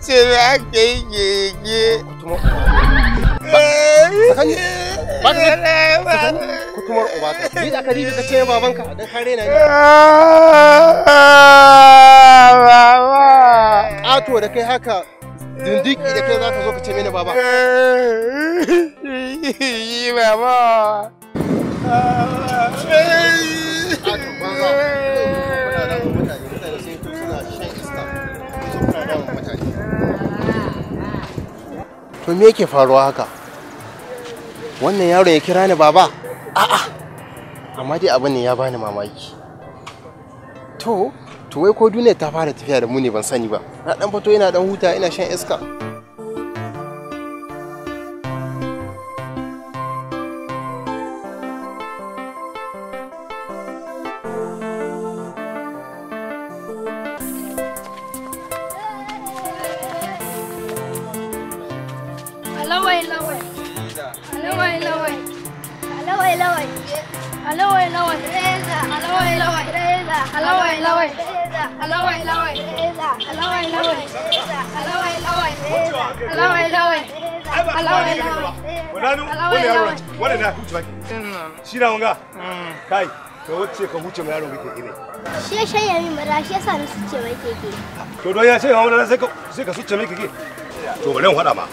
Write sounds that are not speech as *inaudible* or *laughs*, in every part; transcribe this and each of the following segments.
ce me ake yi gege kutumar uba ka ni ka ribi ka babanka dan kare na baba ato da kai haka dindiki da kai zaka zo ka ce mini baba baba to me yake faruwa haka wannan yaron ya kira ni baba a'a amma dai abin ne ya bani mamaki to to wai ko duniya ta fara tafiya da mu ne ban sani ba na dan fito ina dan huta ina shan iska shi na wanga mm. kai to wacce ka huce mai yaro kake ne shi ya shanya min mara shi ya sa ni suce mai keke to don ya ce shanya mara sai ka sai ka suce mai keke to bari in faɗa ma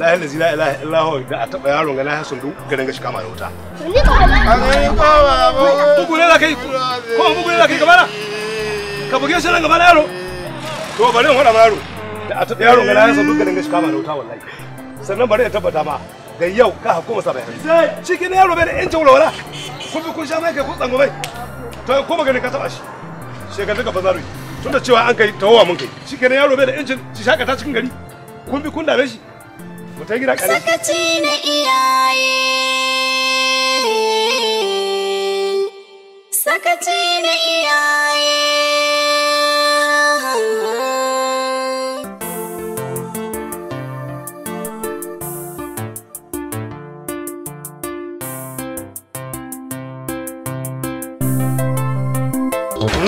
Wallahi la Allah Allah ho da a taba yaron ga lahi sundu garin shi kama da wuta. Ni ba ba. Bugure la kai. Ko bugure la kai gaba Ka buge shi nan gaba na yaro. To bari in faɗa ma yaro da a taba yaron ga lahi sundu garin shi kama da wuta wallahi. Sannan bari in tabbata ma da yau ka hakuma sa bai hannu shi kenan yaro bai da yancin walwala kun bi kun sha mai kai kun tsango mai to ko magana ka taba shi shekaru ka bazaru tun da cewa an kai tawowa mun kai shi kenan yaro bai da yancin shi shakata cikin gari kun bi kun dame shi mu ta gida kare sakaci na iyaye sakaci na iyaye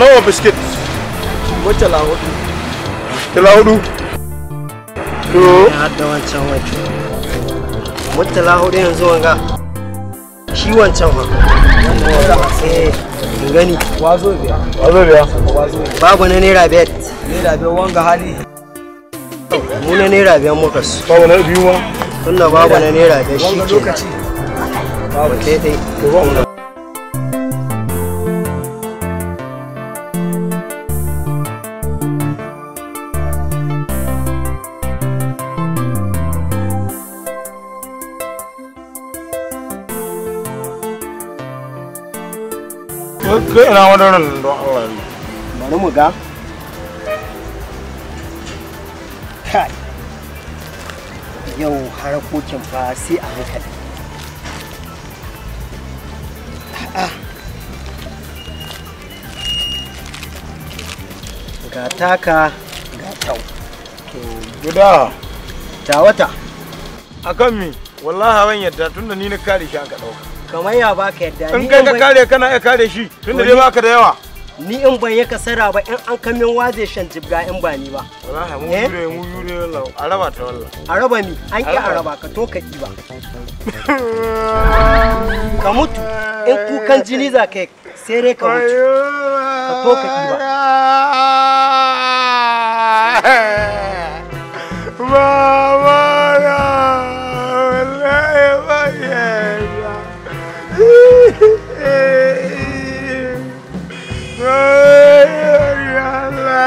nawa biskit mutala hudu tala hudu to hadda wancan wancan mutala hudu yanzu wanga shi wancan eh, gani wazo biya wazo biya babu na naira biyar naira biyar wanga hali mu na naira biyar muka su babu na biyu ma tunda babu na naira shi ke babu daidai ina madarar nan don bari mu ga yau fa sai a hankali ga taka ga tau to guda ta wata akan mi wallahi ban yadda tunda ni na kare shi aka dauka kamar ya baka yadda in kai ka kare kana iya kare shi kasara ba in an kamin waje shan jibga in ba ni ba wallahi mu an ki araba ka to ka ki ba ka mutu in kukan jini za ka ka mutu ka to ka ki ba *laughs*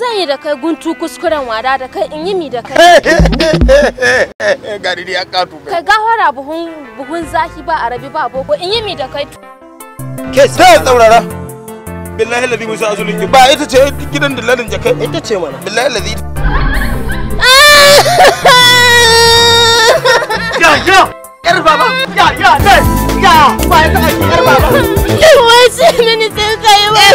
zan yi da kai guntu kuskuren wada da kai in yi mi da kai *laughs* gari ya katu ga hora buhun buhun zaki ba arabi ba boko in yi mi da kai ke sai tsaurara billahi ladhi musa azulun ba ita ce gidan da ladin jakai ita ce mana billahi ladhi ah! *laughs* ya ya yar baba ya ya ya ba ita ake yar baba ki wai sai mini sai kai wai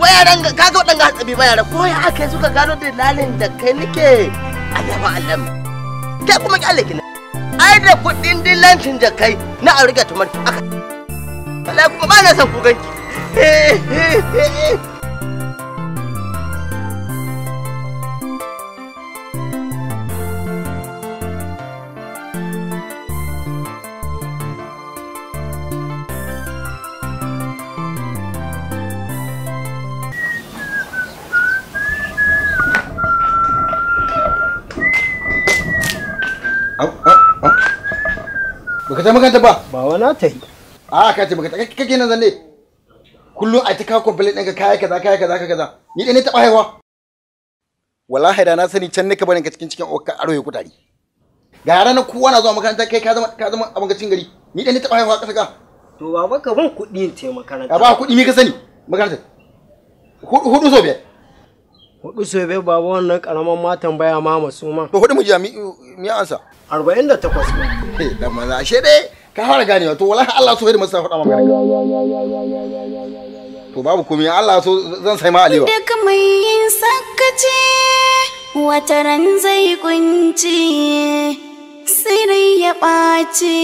bayaran ga kaga waɗanga hatsabi bayara ko ya aka suka gano dalalin da kai nake allama allama kai kuma kyale kina ai da kuɗin dillancin da kai na auriga tumar aka wala kuma ba na san ku ganki *laughs* ta makaranta ba ba wala ta yi a ka ce makaranta kake nan zanne kullum a ta kawo complaint ɗinka kaya kaza kaya kaza kaza ni dai ne taɓa haihuwa wallahi da na sani can nika barin ka cikin cikin ka aro ya kutari ga ranar kowa na zuwa makaranta kai ka zama ka zama a magacin gari ni dai ne taɓa haihuwa ƙasa ka to baba ka ban kuɗi in ce makaranta ba kuɗi me ka sani makaranta hudu so biyar hudu su bai babu wannan karaman matan baya ma masu ma to hudu mu jami mi ansa 48 *laughs* eh dan maza ashe dai ka fara ganewa to wallahi Allah so yadda masa faɗa maka to babu komai Allah so zan sai ma alewa da kamai yin sakace wata ran zai kunci sirri ya ɓace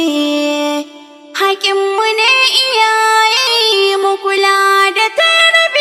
haƙinmu ne iyaye mu kula da tarbiyya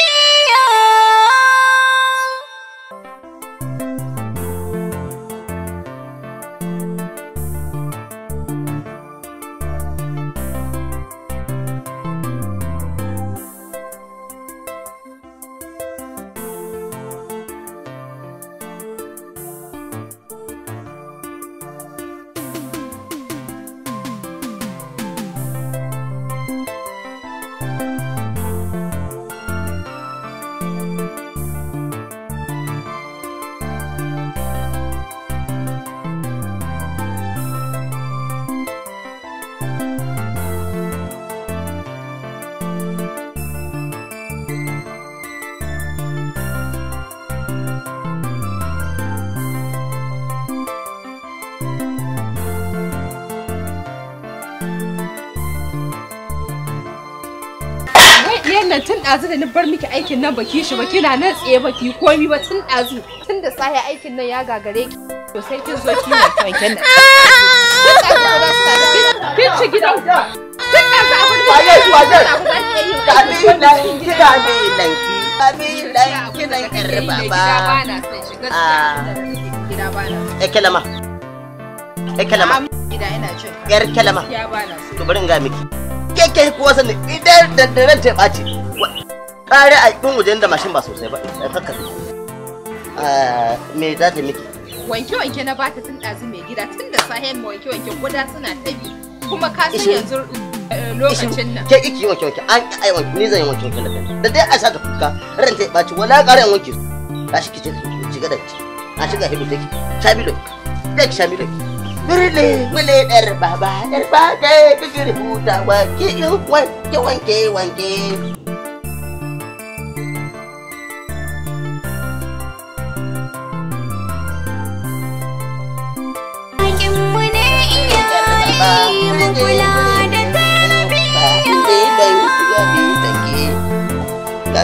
nan tun ɗazu da ni bar miki aikin nan baki shi ba kina nan tsaye ba ki komi ba tun ɗazu tun da tsaya aikin nan ya gagare ki to sai kin zo kina kwanken nan kin ci gidan tun ɗazu abin da ya yi wajen kami nan kina ne nan kami nan kina ƴar baba a kalama a kalama ƴar kalama to bari in ga miki kyakkyan kuwa sani idan da daren ta ɓaci kare a cikin wajen da mashin ba sosai ba a kakkafe ah, me za ta miki wanke-wanke na bata tun ɗazu mai gida tun da sahen ma wanke-wanke guda suna ta bi kuma ka san yanzu eh, lokacin nan ke iki wanke-wanke an kai wanke ni zan yi wanke-wanke da kai da dai a sa ta kuka ran ta baci wala ƙara yin wanke ta shi kice shiga da ki a shiga hidu take shamilo da ki shamilo birle mule ɗar baba ɗar ba ɗaya bijir hutawa ki yi wanke-wanke wanke wanke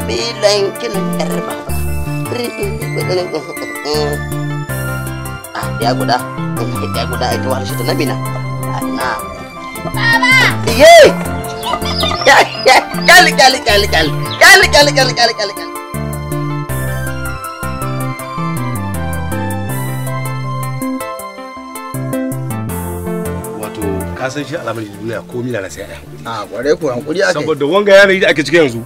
kabilankin yar baba ah, ya guda ya guda ita wahal shida nabina na baba iye kyali kyali kyali kyali kyali kyali kyali kyali kyali kyali ka san shi alamar duniya ko mila na sai a hankuri. A ah, kware ko hankuri ake. Saboda wanga yanayi da ake cikin yanzu.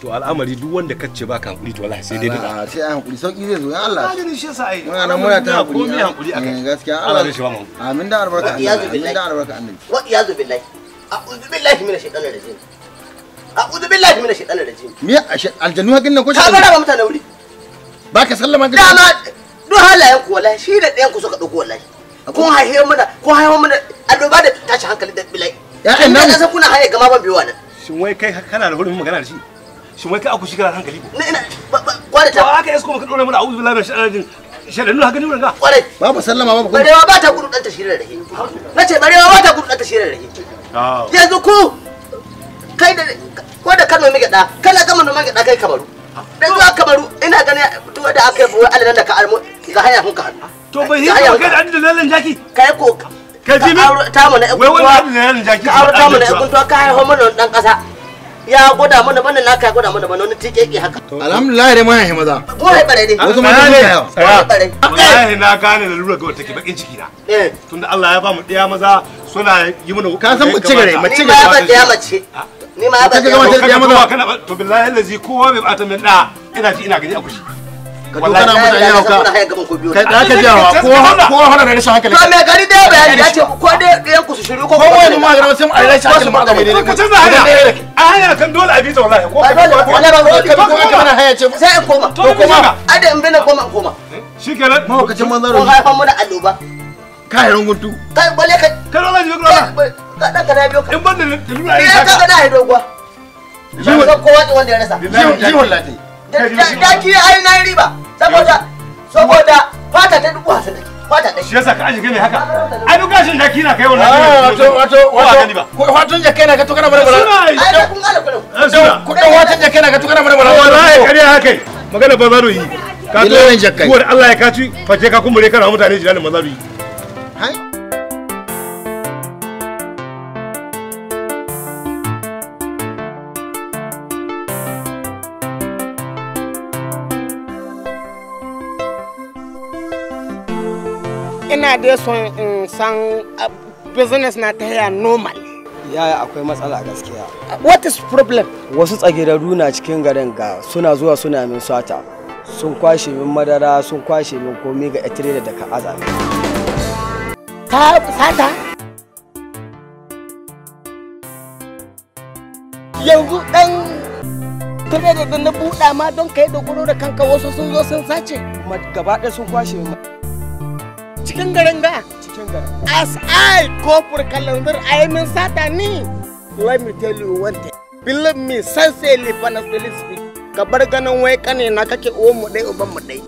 to al'amari duk wanda ka ce baka hankuri to wallahi sai dai duka sai ai hankuri sauki zai zo ya Allah ka gani shi yasa ai muna nan muna ta hankuri komai hankuri akai eh, gaskiya Allah zai shi ba mu amin da albarka amin da albarka annabi wa iyazu billahi a'udhu billahi minash shaitanir rajim a'udhu billahi minash shaitanir rajim me aljannu hakin nan ko shi ka bara mutane wuri baka sallama ga dama duk halayen ku wallahi shi da ɗayan ku suka dauko wallahi kun haihe mana kun haihe mana a adoba da tashi hankali da billahi ya'an nan kuna haye gama ban biyo nan shin wai kai kana da hurumin magana da shi shin wai kai aku shikara hankali ko ina kware ta aka isko maka dora mana a'udhu billahi minash shaitanir nuna haka nimin ga kwarai babu sallama babu kuma barewa ba ta gudu ɗan tashirar rake na ce barewa ba ta gudu ɗan tashirar rake ah. yanzu ku kai da ko da kano mai gyaɗa kana gama noman da kai kamaru ah. da zuwa kamaru ina ganin duk da aka yi buwar alalan da ka almu ga hanya kun ka to bai yi ba kai da adadin lalan jaki kai ko ka ji mi ta mu na ɗan ka aure ta mu na ɗan ka haihon mana ɗan ƙasa ya gwada mana bana naka ya gwada mana bana wani tikeke haka alhamdulillah dai mai maza goye bare ne wasu mai ne bare na ga wata ke bakin ciki na eh. tunda Allah ya ba mu daya maza suna yi mana ka san mace gare mace gare ba daya mace ni ma ba daya mace to billahi allazi kowa bai bata min da ina ji ina gani a kushi ka to kana mutane da ka da rashin da bayani ya ce ko ko ko wani ma garin sai ai rashin hankali ma gaba ne ku canza hanya a hanya kan dole a bi ta wallahi ko ko wala ba ko ko kana haya ce sai in koma to koma ada in bina koma in koma shikenan ma ka ce manzaro ko haifan mu da alluba kai runguntu kai bale kai kai rola ji rola ka dan ka da biyo ka in da ai na riba saboda saboda fata ta take fata ta shi yasa ka aje kai haka ai duk gashin kai wannan wato ah, wato wato ko na ka ai da kun ala na ka wallahi haka magana ba yi ka to Allah ya kaci fate ka kumbure kana mutane jiranin mazari hai ina dai son in san uh, business na ta yaya normal yaya akwai matsala gaskiya what is problem wasu tsagirarru na cikin garin ga suna zuwa suna min sata sun kwashe min madara sun kwashe min komai ga etire da ka azami sata yanzu dan tare da na buɗa ma don kai da da kanka wasu sun zo sun sace gaba ɗaya sun kwashe min cikin garin ga cikin garin as i ko for calendar i am satani let me tell you one thing believe me sincerely for the list ka bar ganin wai kane na kake uwan mu dai uban mu dai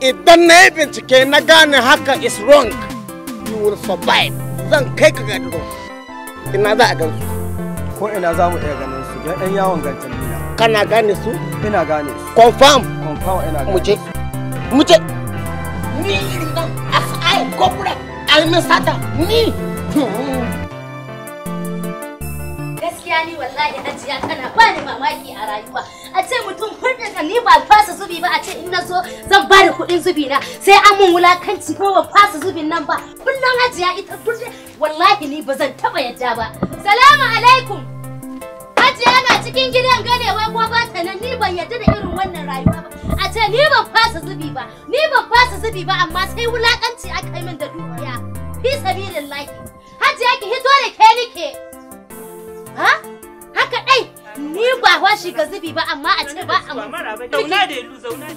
idan na yi bincike na gane haka is wrong you will survive zan kai ka gado ina za a gan su ko ina za mu iya ganin su don ɗan yawon gancin nuna kana gane su ina gane su confirm confirm ina gane mu je mu je ni irin nan kai a sata ni gaskiya ni wallahi hajiya tana ba mamaki a rayuwa a ce mutum hulɗinka ni ba fasa zubi ba a ce in na zan ba kuɗin zubi na sai an mun wulakanci ko ba fasa zubin nan ba kullum hajiya ita kullum wallahi ni ba zan taɓa yadda ba salamu alaikum hajiya na cikin gidan gane wai ko ba ta nan ni ban yadda da irin wannan rayuwa ba a ce ni ban fasa zubi ba ni ban fasa zubi ba amma sai wulakanci aka yi min da dukiya fi sabilillahi hajji yake hito da ke nike ha haka dai Ni ba wa shi ga zubi ba amma a cikin ba a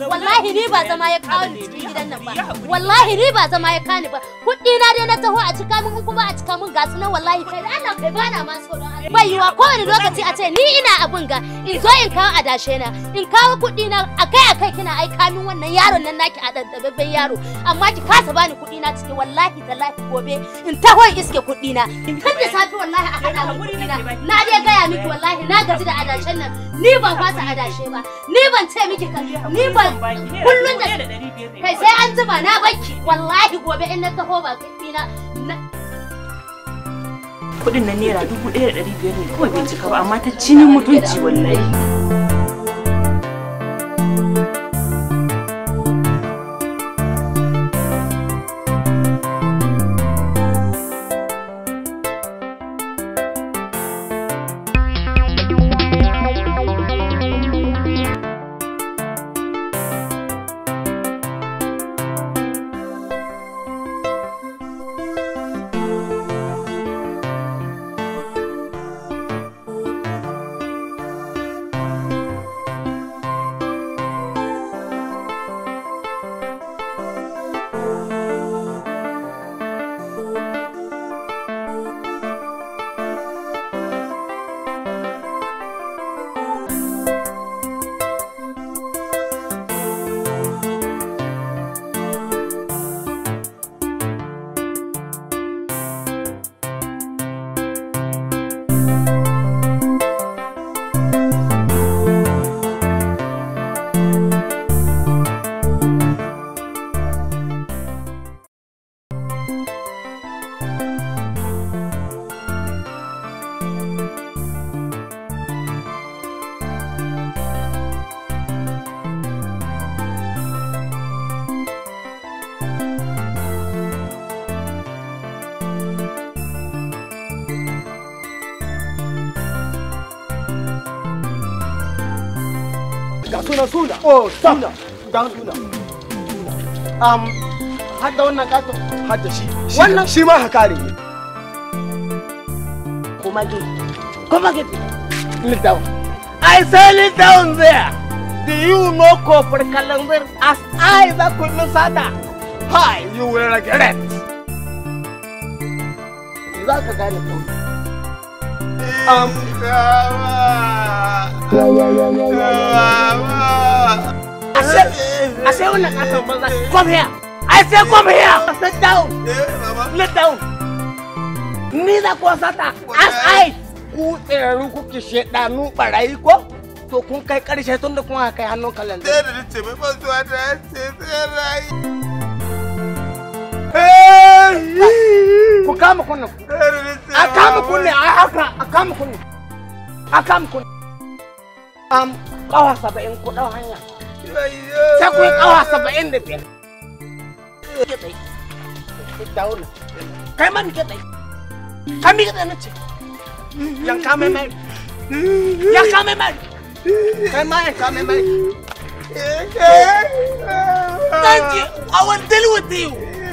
Wallahi ni ba zama ya kawo ni cikin gidan nan ba. Wallahi ni ba zama ya kani ba. Kuɗi na dai na taho a cika min kuma a cika min gasu na wallahi kai Allah kai ba na ma tsoron Allah. Bai yiwa kowane lokaci a ce ni ina abun ga in zo in kawo adashe na in kawo kuɗi na akai akai kina ai kamin wannan yaron nan naki a daddababben yaro amma ki kasa bani kuɗi na cikin wallahi da lafi gobe in taho in iske kuɗi na. kan da safe wallahi a haɗa min kuɗi na. Na dai gaya miki wallahi na gaji su da adashen nan ni ban fasa adashe ba ni ban ce miki ka ni ban kullun da kai sai an zuba na baki wallahi gobe in na taho ba kai na kudin na naira dubu ɗaya da ɗari biyar ne kawai bai cika ba amma ta jinin mutunci wallahi suna suna oh suna dan um, shi shi ma kuma kuma i say look down there do you know copper calendar as i the kullu sada hi you will regret za ka gane come here! I say come here! Sit down! Sit down! Ni za ku as I! Ku tsirarru kuke shaɗanu ɓarayi ko? To kun kai ƙarshe tun da kuma kai hannun kalanda. Sai da nace ce Hey! ku kama kunne a kama kunne a haka a kama kunne a kama kawa saba'in ku dau hanya kawa saba'in da biyar kai ma kai mi na ce mai mai kai ma mai Thank you. I will deal with you.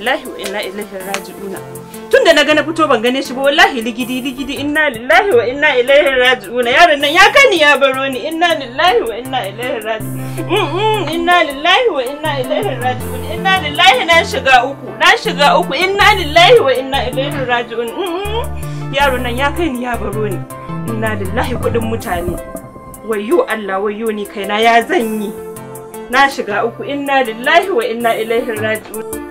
lillahi wa inna ilaihi raji'una tun da na ga na fito ban gane shi ba wallahi ligidi ligidi inna lillahi wa inna ilaihi raji'una yaron nan ya kani ya baro ni inna lillahi wa inna ilaihi raji'un mm, mm, inna lillahi wa inna ilaihi raji'un inna lillahi na shiga uku na shiga uku inna lillahi wa inna ilaihi raji'un mm, yaron nan ya kani ya baro ni inna lillahi kudin mutane wayyo Allah wayyo ni kaina ya zanyi na shiga uku inna lillahi wa inna ilaihi raji'un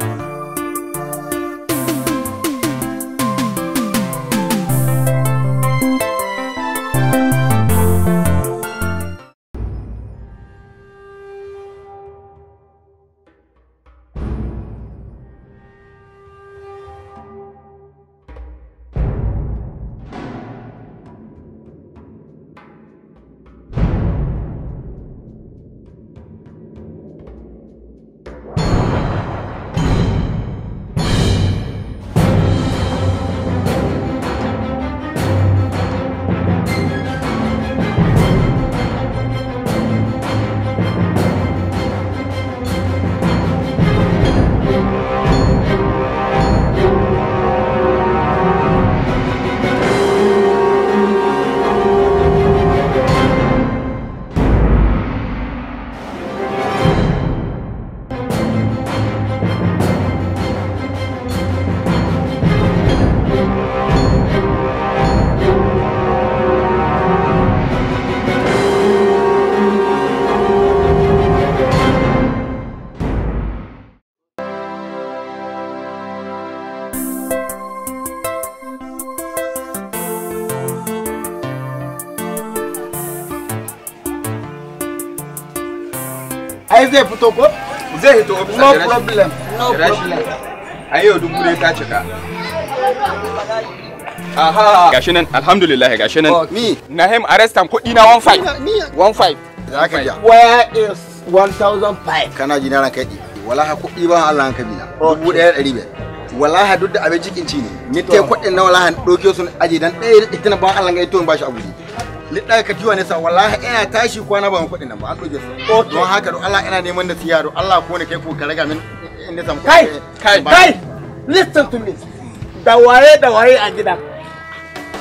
zai fito ko zai hito officer no problem no problem ai yau ne ta cika aha gashi nan alhamdulillah gashi nan ni nahim arrest am kudi na 15 15 zaka ja where is 1005 kana ji na ran kai wallahi kudi ba Allah dubu duk da abin cikin ci ne ni te kuɗin na wallahi doke su aji dan ɗaya da tana ban Allah ga ito ba shi a lidda ka tiwa ne wallahi ina tashi kwana ban kuɗi nan ba an ɗauke su don haka don Allah ina neman da siya don Allah ko ne kai ko ka raga min in da kai kai kai listen to me da waye da waye a gida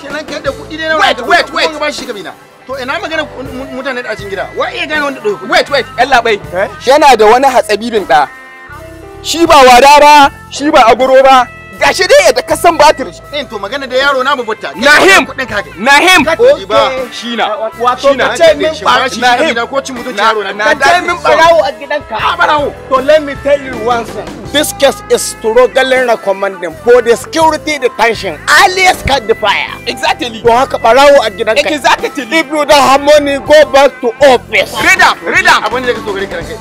kenan kai da kuɗi ne na wait wait wait ba shi kabina to ina magana mutane da cikin gida wa iya gane wanda ɗauke wait wait yan labai eh? yana da wani hatsabibin ɗa shi ba ba shi ba aguro ba gashi dai da ka san shi. din eh, to magana da yaro na babuta nahim nahim ba na. wato ka ce min ba shi na ko ci mutunci yaro na ka ce min barawo a gidanka a ah, barawo to let me tell you one thing This case is struggling recommending for the security detention, alias cut the fire. Exactly. To haka barawo a gidan kai. Exactly. If you don't have money, go back to office. Read up, read up. Abin da kake so gare kanka.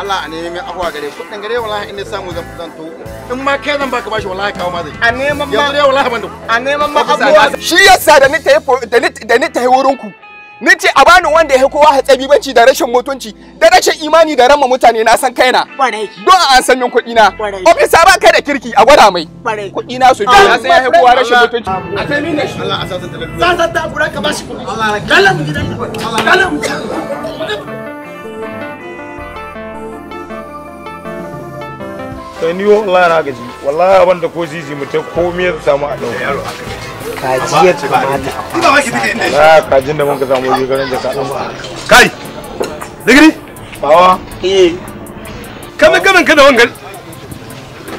Allah a nemi afuwa gare ku. Dan gare wallahi in samu zan zan to. In ma kai zan baka bashi wallahi kawo ma zai. A neman ma. Yanzu dai wallahi ban da. A neman ma abuwa. Shi yasa da ni ta da ni ta wurin ku. ni ce a bani wanda ya kowa hatsabibanci da rashin mutunci da rashin imani da ramma mutane na san kaina don a an san min kuɗi na ofisa ba kai da kirki a gwada mai kuɗi na su ji ah, ya san ya kowa rashin mutunci a sai mine shi Allah ta talaka ta ka bashi kuɗi Allah ya gidan kai ni wallahi na gaji wallahi abin da ko zizi mutum komai ya samu a dauka yaro kaji ya kamata ina baki take inda shi kajin da mun ka samu yi garin da ka kai digiri bawa eh kamar gaban ka da wangan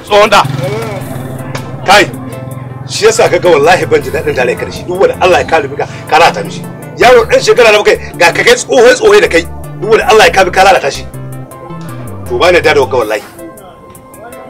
tsohon da kai shi yasa kaga wallahi ban ji daɗin dare karshe duk wanda Allah ya kare ka karata mishi yaro ɗan shekara na kai ga ka kai tsohon tsohon da kai duk wanda Allah ya kare ka lalata shi to ba da da dawo ka wallahi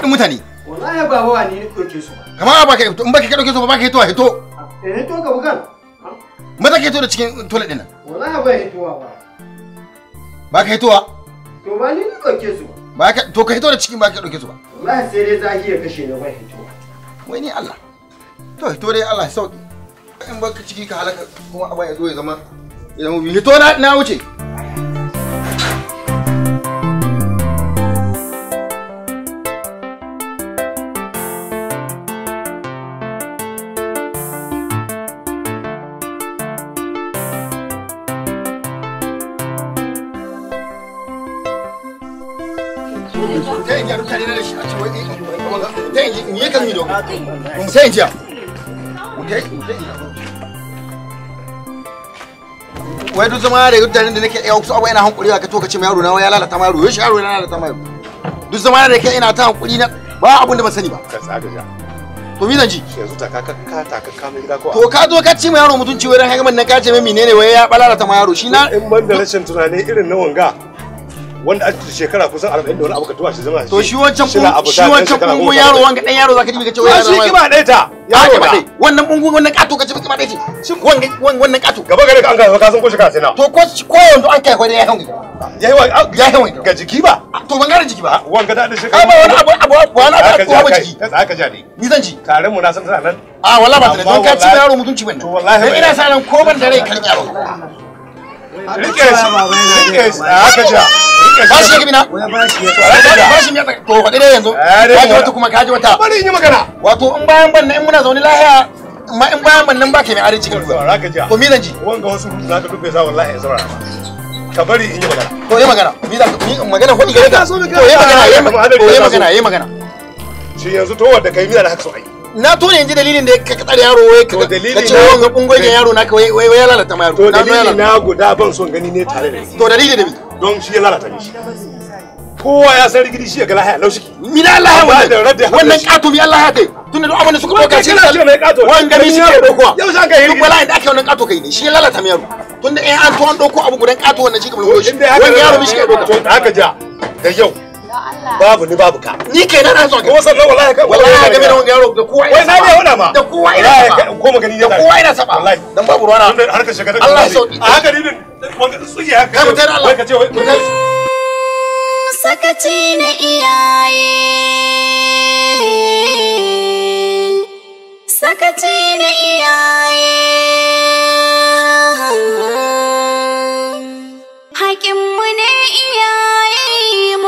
kuɗin mutane wallahi ba wa ne ɗauke su ba kamar ba ka in ba ka ɗauke su ba ba ka hito a hito eh hito ka bukan maza ka hito da cikin toilet ɗin nan wallahi ba hitowa ba ba ka hitowa to ba ni ɗauke su ba ka to ka hito da cikin ba ka ɗauke su ba wallahi sai dai zaki ya kashe ne ba hitowa wai ni Allah to hito dai Allah sauki in ba ka ciki ka halaka kuma abin ya zo ya zama ya zama hito na wuce Kun sai jiya. Wai duk zama da mutanen da nake yawa eh, kusa abu ina hankulewa ka to ka ce ma yaro na ya lalata ma yaro, yau shi yaro na lalata ma yaro. Duk zama da kai ina ta hankuli na ba abin da ban sani ba. Ka tsaga ja. To mi zan ji? Yanzu ka ka ka gida ko. To ka zo ka ce ma yaro mutunci wai nan ka ce mai menene wai ya lalata ma yaro shi na. In ban da rashin tunani irin na wanga. wanda a shekara kusan 40 da wani abu ka tuba shi zama to shi wancan shi wancan kungu yaro wanga dan yaro zaka ji wai shi kiba dai ta yaro ba wannan kungu wannan ka kace kiba dai ce shi wannan wannan kato gaba gare ka an ga ka san ko shi ka sai na to ko ko yanzu an kai ko dai yayin yayi wa yayin wai ga jiki ba to ban gare jiki ba wanga da shi ka ba wani abu abu wani abu ko ba jiki ka ja dai ni zan ji Karen mu na san tana nan a wallahi ba tana don ka ci yaro mutunci bane to wallahi ina sa ran ko ban da rai yaro rike shi rike shi a haka ja ba shi gibi na ba shi miya to faɗi dai yanzu eh, kaji wata kuma in yi magana wato in bayan ban in muna zaune lahiya in bayan ban nan ba ka mai arziki kan ruwa to mi zan ji wanga wasu za ka dufe za wallahi ya zaura ka bari in yi magana to yi magana mi za ka mi magana ko ni gare ka to yi magana yi magana yi magana yanzu to haka na to ne dalilin da ka tsare yaro wai ka ka ce wanga bungoyin eh. yaro naka wai wai ya lalata ma yaro to dalilin na guda ban son gani ne tare da shi to dalili da bi don shi ya lalata ni shi kowa ya san rigidi shi ya ga lahaya laushi mi na lahaya wannan wannan kato mi Allah ya kai tunda duk abin da suka dauka shi ne mai kato mi shi ya dauko yau za ka yi duk wallahi da ake wannan kato kai ne shi ya lalata ma yaro tunda eh an to an dauko abu gudan kato wannan shi kamar shi wannan yaro mi shi ya dauka to haka ja da yau babu ni babu ka ni ke nan zo Ko wasan wallahi kai wallahi game da wannan yaro da kowa wai na ne wala ma da kowa ina saba ko magani ne da kowa ina saba wallahi dan babu ruwana har ka shiga Allah ya sauki a haka ni din wanda tsuye haka Ka mutar Allah ka ce wai sakaci na iyaye sakaci na iyaye hakinmu ne iyaye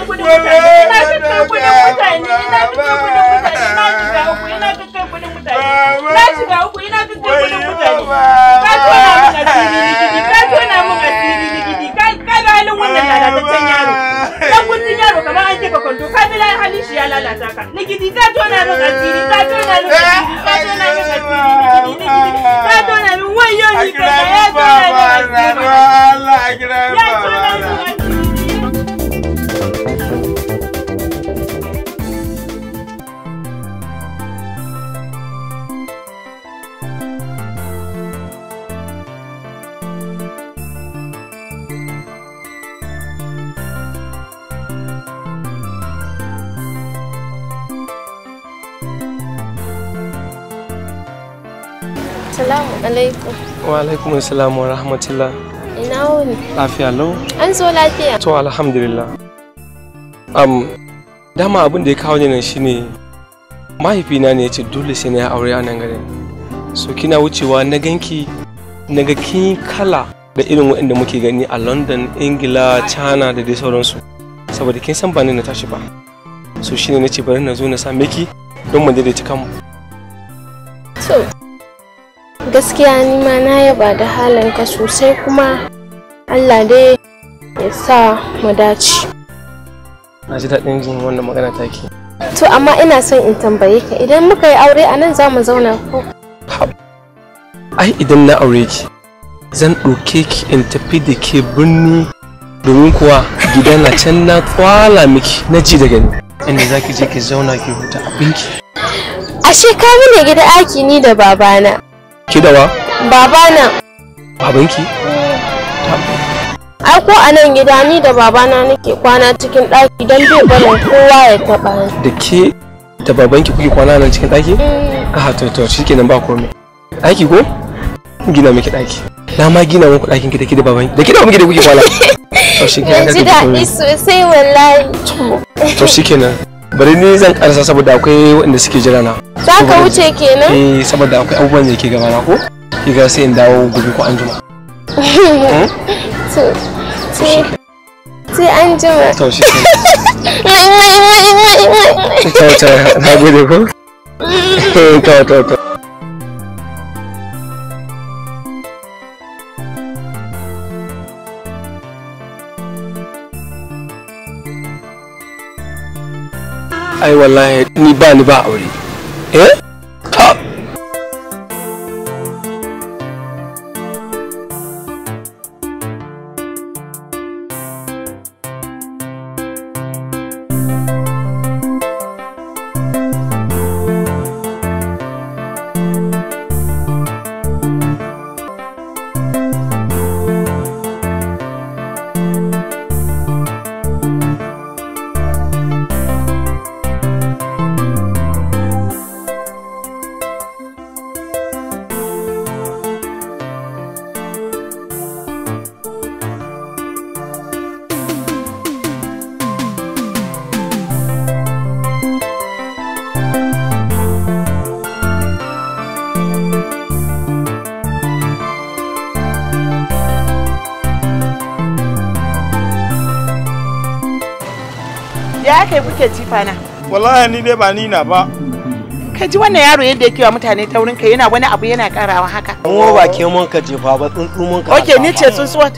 fita kudin mutane ina fita kudin mutane ina fita kudin mutane na shiga uku ina fita kudin mutane na shiga uku ina fita kudin mutane ka tona mun asiri digidi ka tona mun asiri digidi ka ka ga halin wannan lalataccen yaro dan gudun yaro kamar an kifa kwando ka bi lai halin shi ya lalata ka digidi ka tona mun asiri ka tona mun asiri ka tona mun asiri digidi ka tona mun wayo ni ka ya tona mun asiri ya tona Assalamu alaikum. Wa alaikum assalam wa rahmatullah. Ina wuni. Lafiya lau. An zo lafiya. To alhamdulillah. Um, dama abin da ya kawo ni nan shine mahaifina ne ya ce dole sai na yi aure a nan garin. So kina wucewa na ganki na ga kin kala da irin waɗanda muke gani a London, Ingila, China da dai sauransu. Saboda kin san ba ni na tashi ba. So shine na ce bari na zo na sa miki don mu daidaita kanmu. So gaskiya ni ma na yaba da halinka sosai kuma allah dai ya sa mu dace na ji daɗin jin wannan magana take to amma ina son in tambaye ka idan muka yi aure a nan za mu zauna ko ai idan na aure ki zan ɗauke ki in tafi da ke birni domin kuwa gida na can na kwala miki na ji daga ni inda za ki je ki zauna ki huta abinki ashe ka ne gida aiki ni da babana Kidawa? Babana. Babanki? Ai ko anan nan gida ni da babana nake kwana cikin ɗaki don bai barin kowa ya taɓa ni. Da ke da babanki kuke kwana nan cikin ɗaki? Ah to to shikenan ba komai. Ɗaki ko? Gina miki ɗaki. Na ma gina muku ɗakin ki da ke da babanki. Da ke da babanki da kuke kwana. *laughs* To shikenan. Ji daɗi sosai wallahi. To shikenan. bari ni zan karsa saboda akwai wanda suke jira na za ka wuce kenan eh saboda akwai abubuwan da ke gaba na ko ki ga sai in dawo gobe ko anjima hmm? Hmm? sai anjima ai wallahi ni ba ni ba aure eh kake jifa na? Wallahi ni dai ba ni na ba. Ka ji wannan yaro yadda yake wa mutane taurin ka, yana wani abu yana karawa haka. Mun ba ke mun ka jefa ba tsuntsu mun ka. Okay ni ce tsuntsuwa.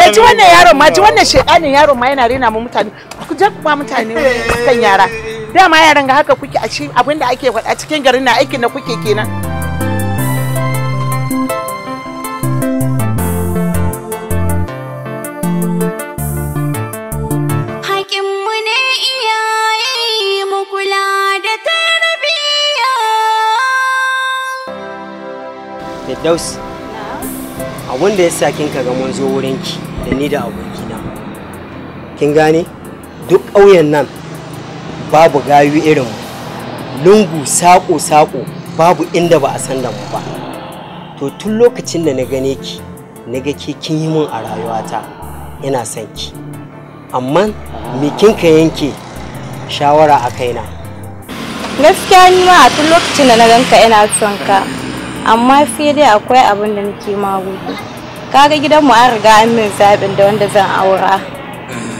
Ka ji wannan yaron ma ji wannan shekanin yaron ma yana rena mu mutane. Ku je ku ba mutane kan yara. Dama yaran ga haka kuke a cikin abinda ake faɗa cikin garin na aikin da kuke kenan. Firdaus. Abin da ya sa kin kaga mun zo wurinki da ni da abokina. Kin gane? Duk ƙauyen nan babu gayu irin lungu saƙo-saƙo babu inda ba a san da mu ba. To tun lokacin da na gane ki, na ga ke kin yi min a rayuwata ina son ki. Amma me kin ka yanke shawara a kaina. Gaskiya ni ma a tun lokacin da na ganka ina son ka. amma fiye dai akwai abin da nake magudu kaga gidanmu an riga an min zaɓin da wanda zan aura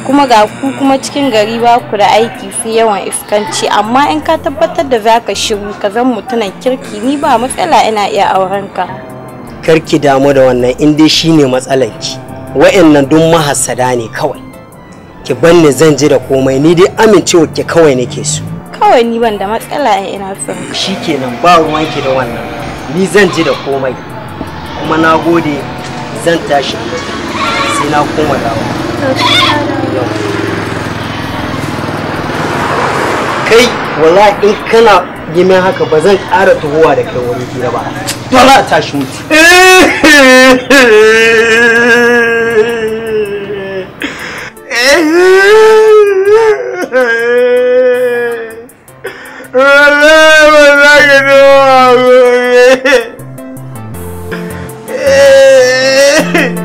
kuma ga ku kuma cikin gari ba ku da aiki fi yawan iskanci amma in ka tabbatar da za ka shiru ka zan mutunan kirki ni ba matsala ina iya auren ka karki damu da wannan in dai shine ki wa'annan duk mahassada ne kawai ki banni zan ji da komai ni dai amincewa ki kawai nake so kawai ni ban da matsala ina son shikenan ba ki da wannan ni zan ji da komai kuma na gode zan tashi sai na koma dawo kai wallahi in kana yi haka ba zan ƙara tuhowa da kai wani gida ba dole a tashi mutu *laughs* Relax,